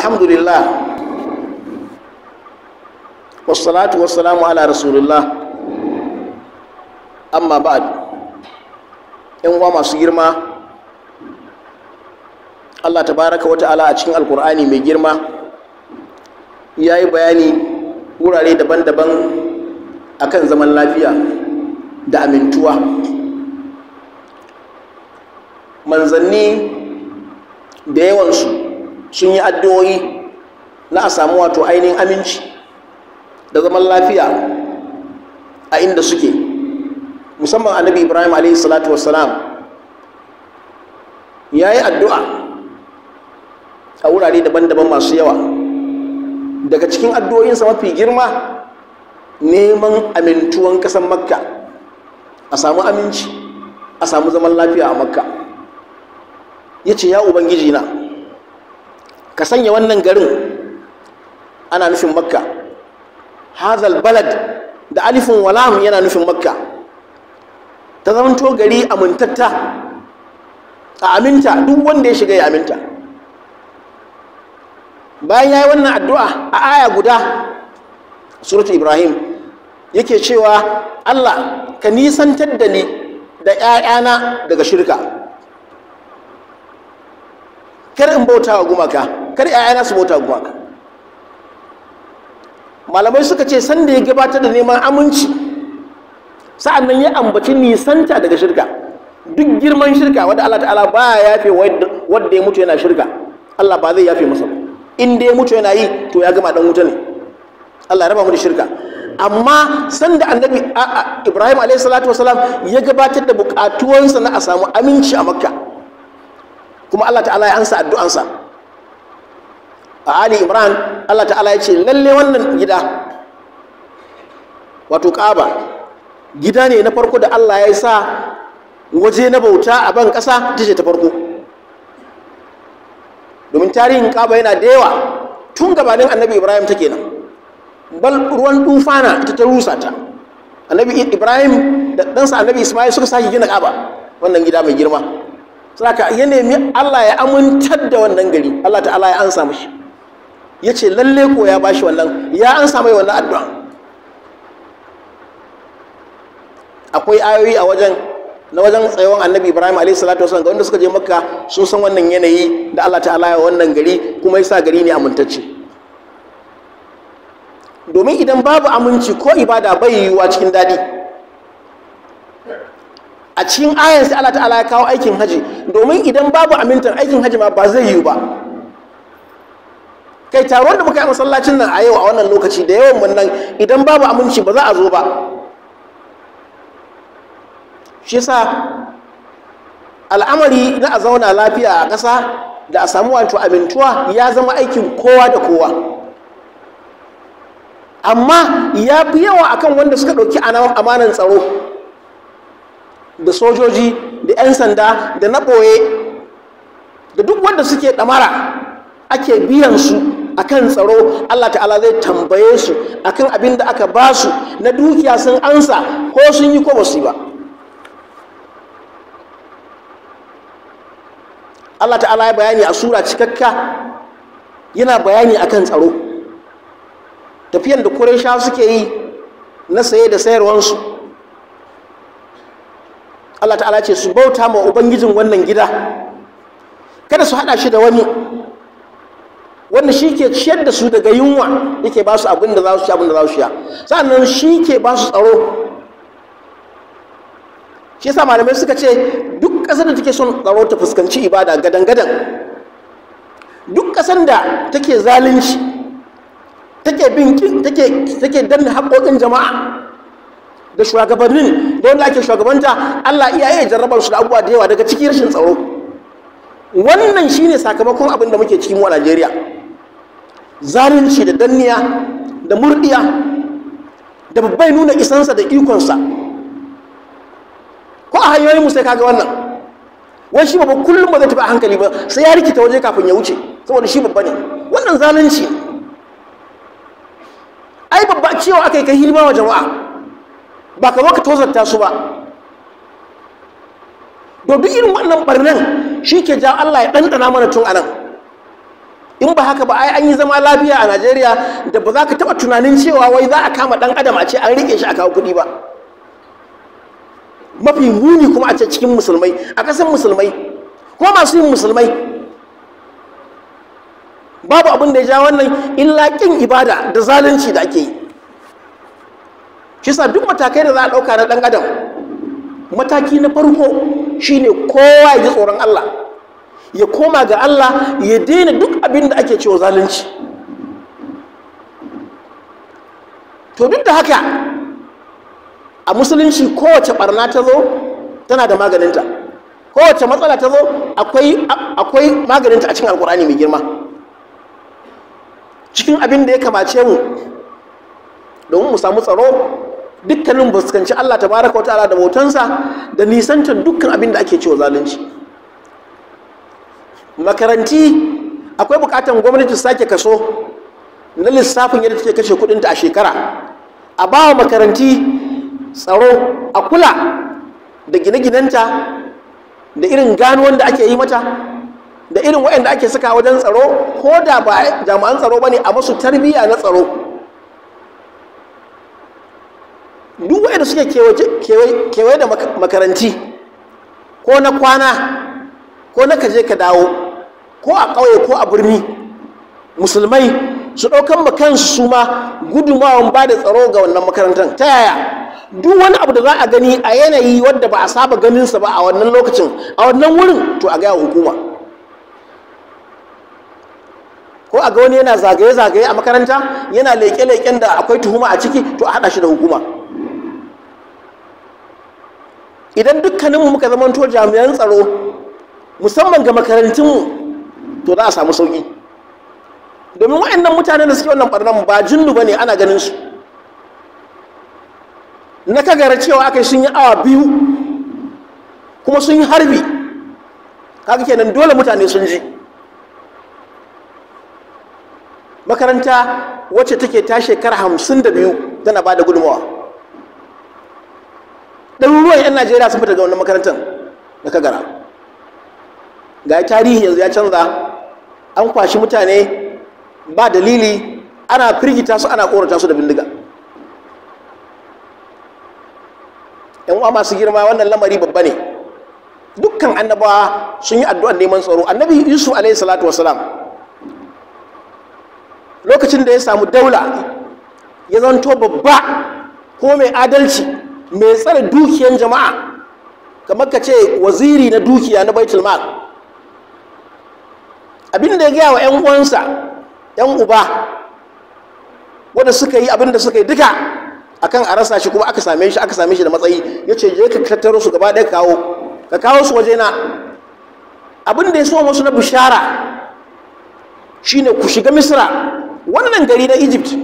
alhamdulillah wassalatu ala rasulullah amma ba'ad yan uwa masu girma Allah ta baraka wata ala a cikin alkur'ani mai girma ya yi bayani wurare daban-daban akan zaman lafiya da amintuwa manzanni da yawansu sun yi addu'o'i na a samu wato ainihin aminci da zaman lafiya a inda suke musamman annabi ibrahim alaihi ya yi addu'a a wurare daban-daban masu yawa daga cikin addu'o'insa mafi girma neman amintuwan ƙasar makka a samu aminci a samu zaman lafiya a makka ya ce ya ubangiji na ka sanya wannan garin ana nufin makka hazal balad da alifin walam yana nufin makka ta zamanto gari amintatta a aminta duk wanda ya shiga ya aminta bayan ya yi wannan addu'a a aya guda suratu ibrahim yake cewa allah ka nisantar da ni da ‘ya'yana daga shirka kar in bauta wa gumaka kar yana su bauta guwa malamai suka ce sanda ya gabatar da neman aminci sa'an nan ya ambaci nisanta daga shirka duk girman shirka wadda Allah ta'ala ba ya yafe wadda ya mutu yana shirka Allah ba zai yafe masa in da ya mutu yana yi to ya gama dan wuta ne Allah ya raba mu da shirka amma sanda annabi ibrahim alayhi salatu ya gabatar da bukatuwansa na a samu aminci a makka kuma allah ta'ala ya ansa addu'ansa a ali imran allah ta'ala ya ce lalle wannan gida wato Ka'aba gida ne na farko da allah ya sa waje na bauta a ban ƙasa ta ce ta farko domin tarihin Ka'aba yana da yawa tun gabanin annabi ibrahim ta kenan bal ruwan dufana ita ta rusa ta annabi ibrahim da ɗansa annabi ismail suka saki gina Ka'aba wannan gida mai girma saka ya nemi allah ya amintar da wannan gari allah ta'ala ya ansa mashi ya ce lalle ko ya bashi wannan ya an samu wannan addu'an akwai ayoyi a wajen na wajen tsayawan annabi ibrahim alaihi salatu wasallam ga wanda suka je makka sun san wannan yanayi da allah ta'ala ya wannan gari kuma ya sa gari ne amintacce domin idan babu aminci ko ibada bai yiwuwa cikin daɗi a cikin ayan sai allah ta'ala ya kawo aikin haji domin idan babu amintan aikin haji ma ba zai yiwu ba kai taron da muka yi masallacin nan a yau a wannan lokaci da yawan mun idan babu aminci ba za a zo ba shi yasa al'amari na a zauna lafiya a ƙasa da a samu wato amintuwa ya zama aikin kowa da kowa amma ya fi yawa akan wanda suka ɗauki amanan tsaro da sojoji da 'yan sanda da na ɓoye da duk wanda suke ɗamara ake biyan su akan tsaro Allah ta'ala zai tambaye su akan abin da aka ba su na dukiya sun ansa ko sun yi ko ba yi ba Allah ta'ala ya bayani a sura cikakka yana bayani akan tsaro tafiyan da sha suke yi na saye da sayarwansu Allah ta'ala ce su bauta ma ubangijin wannan gida kada su hada shi da wani wanda shi ke ciyar da su daga yunwa yake ba su abin da za su ci abin da za su sha sannan shi ke ba su tsaro shi yasa malamai suka ce duk ƙasar da take son tsaro ta fuskanci ibada gadan-gadan duk ƙasar da take zalunci take bin take dan haƙoƙin jama'a da shugabannin da wanda ake shugabanta Allah iya iya jarrabar su da abubuwa da yawa daga cikin rashin tsaro wannan shine sakamakon abin da muke ciki mu a Najeriya zalunci da danniya da murdiya da babbai nuna isansa da ikonsa ko a hanyoyin mu sai kaga wannan wai shi babba kullum ba zai tafi a hankali ba sai ya rikita waje kafin ya wuce saboda shi babba ne wannan zalunci ai babba cewa aka yi kai hilima wa jama'a ba ka zo ka tozarta su ba domin irin wannan barnan shi ke ja Allah ya ɗanɗana mana tun anan in ba haka ba ai an yi zama lafiya a Najeriya da ba za ka taɓa tunanin cewa wai za a kama ɗan adam a ce an rike shi a kawo kuɗi ba mafi muni kuma a ce cikin musulmai a ƙasar musulmai ko masu yin musulmai babu abin da ya ja wannan illa ƙin ibada da zalunci da ake yi shi duk matakai da za a ɗauka na ɗan adam mataki na farko shine kowa ya ji tsoron Allah ya koma ga Allah ya daina duk abin da ake cewa zalunci to duk da haka a musulunci kowace barna ta zo tana da maganinta kowace matsala ta zo akwai maganinta a cikin alkurani mai girma cikin abin da ya kamace mu domin mu samu tsaro dukkanin fuskanci Allah ta baraka wa ala da bautansa da nisantar dukkan abin da ake cewa zalunci makaranti akwai bukatan gwamnati sake kaso na lissafin yadda take kashe kudinta a shekara a bawa makaranti tsaro a kula da gine-ginenta da irin gano wanda ake yi mata da irin wa'anda ake saka wajen tsaro ko da ba jami'an tsaro ba ne a masu tarbiyya na tsaro duk wa'anda suke kewaye da makaranti ko na kwana ko na kaje ka dawo ko a ƙauye ko a birni musulmai su ɗaukan ma kansu ma gudunmawan ba da tsaro ga wannan makarantar ta yaya duk wani abu da za a gani a yanayi wadda ba a saba ganinsa ba a wannan lokacin a wannan wurin to a gaya hukuma ko a ga wani yana zagaye-zagaye a makaranta yana leƙe-leƙen da akwai tuhuma a ciki to a haɗa shi da hukuma idan dukkaninmu muka zamanto jami'an tsaro musamman ga makarantunmu to za a samu sauki domin waɗannan mutane da suke wannan ɓarnan ba jinnu ba ne ana ganin su na kagara cewa aka sun yi awa biyu kuma sun yi harbi haka kenan dole mutane sun ji makaranta wacce take ta shekara hamsin da biyu tana ba da gudunmawa ɗaruruwan 'yan najeriya sun fita ga wannan makarantar na kagara ga tarihi yanzu ya canza an kwashi mutane ba dalili ana firgita su ana korata su da bindiga yan masu girma wannan lamari babba ne dukkan annabawa sun yi addu'ar neman tsaro annabi yusuf alaihi salatu wasalam lokacin da ya samu daula ya zanto babba ko mai adalci mai tsare dukiyan jama'a kamar ka ce waziri na dukiya na baitul mal abin da ya gaya wa 'yan uwansa 'yan uba wanda suka yi abin da suka yi duka kan a rasa shi kuma aka same shi aka same shi da matsayi ya ce je ka tattaro su gaba ɗaya kawo ka kawo su waje na abin da ya so masu na bishara shine ku shiga misra wannan gari na egypt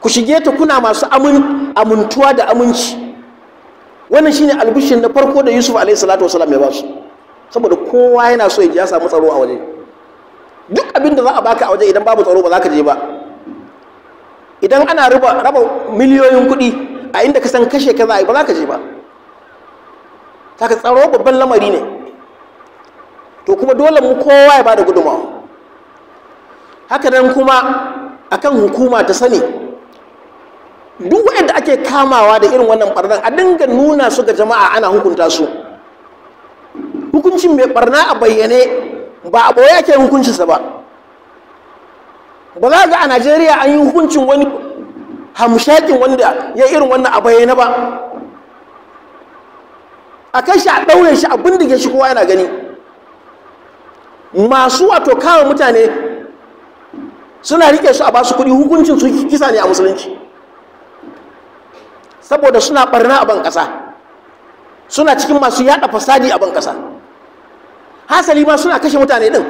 ku shige ta kuna masu amintuwa da aminci wannan shine albishin na farko da yusuf alaihi salatu wasalam ya ba su saboda kowa yana so ya samu tsaro a waje duk abin da za a baka a waje idan babu tsaro ba za ka je ba idan ana raba miliyoyin kuɗi a inda ka san kashe kaza za a ba za ka je ba saka tsaro babban lamari ne to kuma dole mu kowa ya bada gudunmawa haka nan kuma akan hukuma ta sani duk da ake kamawa da irin wannan barnan a dinga nuna su ga jama'a ana hukunta su hukuncin mai ɓarna a bayyane ba a ɓoye ake hukuncinsa ba ba za ga a najeriya an yi hukuncin wani hamshakin wanda ya irin wannan a bayyana ba a kai shi a ɗaure shi a ke shi kowa yana gani masu wato kawo mutane suna rike su a ba su kuɗi hukuncin su kisa ne a musulunci saboda suna ɓarna a ban ƙasa suna cikin masu yaɗa fasadi a ban ƙasa hasali ma suna kashe mutane din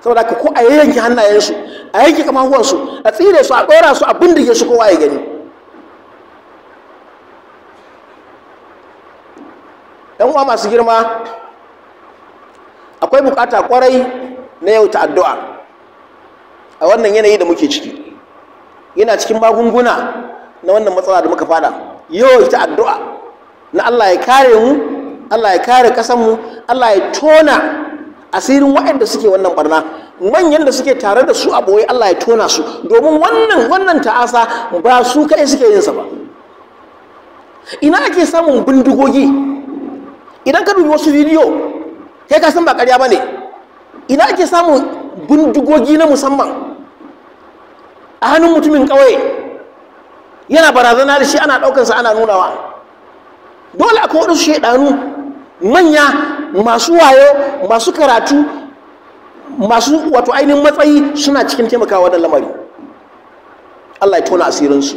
saboda ko a yanke hannayensu a yanke kamahuwansu a tsire su a ɗora su a bindige su kowa ya gani dan uwa masu girma akwai bukata kwarai na yau ta a wannan yanayi da muke ciki yana cikin magunguna na wannan matsala da muka fada yau ta addu'a na Allah ya kare mu Allah ya kare mu. Allah ya tona asirin waɗanda suke wannan barna manyan da suke tare da su a ɓoye Allah ya tona su domin wannan wannan ta'asa ba su kai suke yin sa ba ina ake samun bindigogi idan ka dubi wasu bidiyo kai ka san ba ƙarya ba ne ina ake samun bindigogi na musamman a hannun mutumin ƙauye yana barazana da shi ana ɗaukansa ana nunawa dole akwai waɗansu shaiɗanu. manya masu wayo masu karatu masu wato ainihin matsayi suna cikin taimakawa da lamari Allah ya tona asirinsu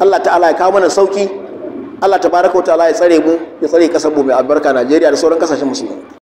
Allah ta'ala ya kawo mana sauki Allah baraka wa ta'ala ya tsare mu ya tsare kasar mu mai albarka Najeriya da sauran kasashen musulmi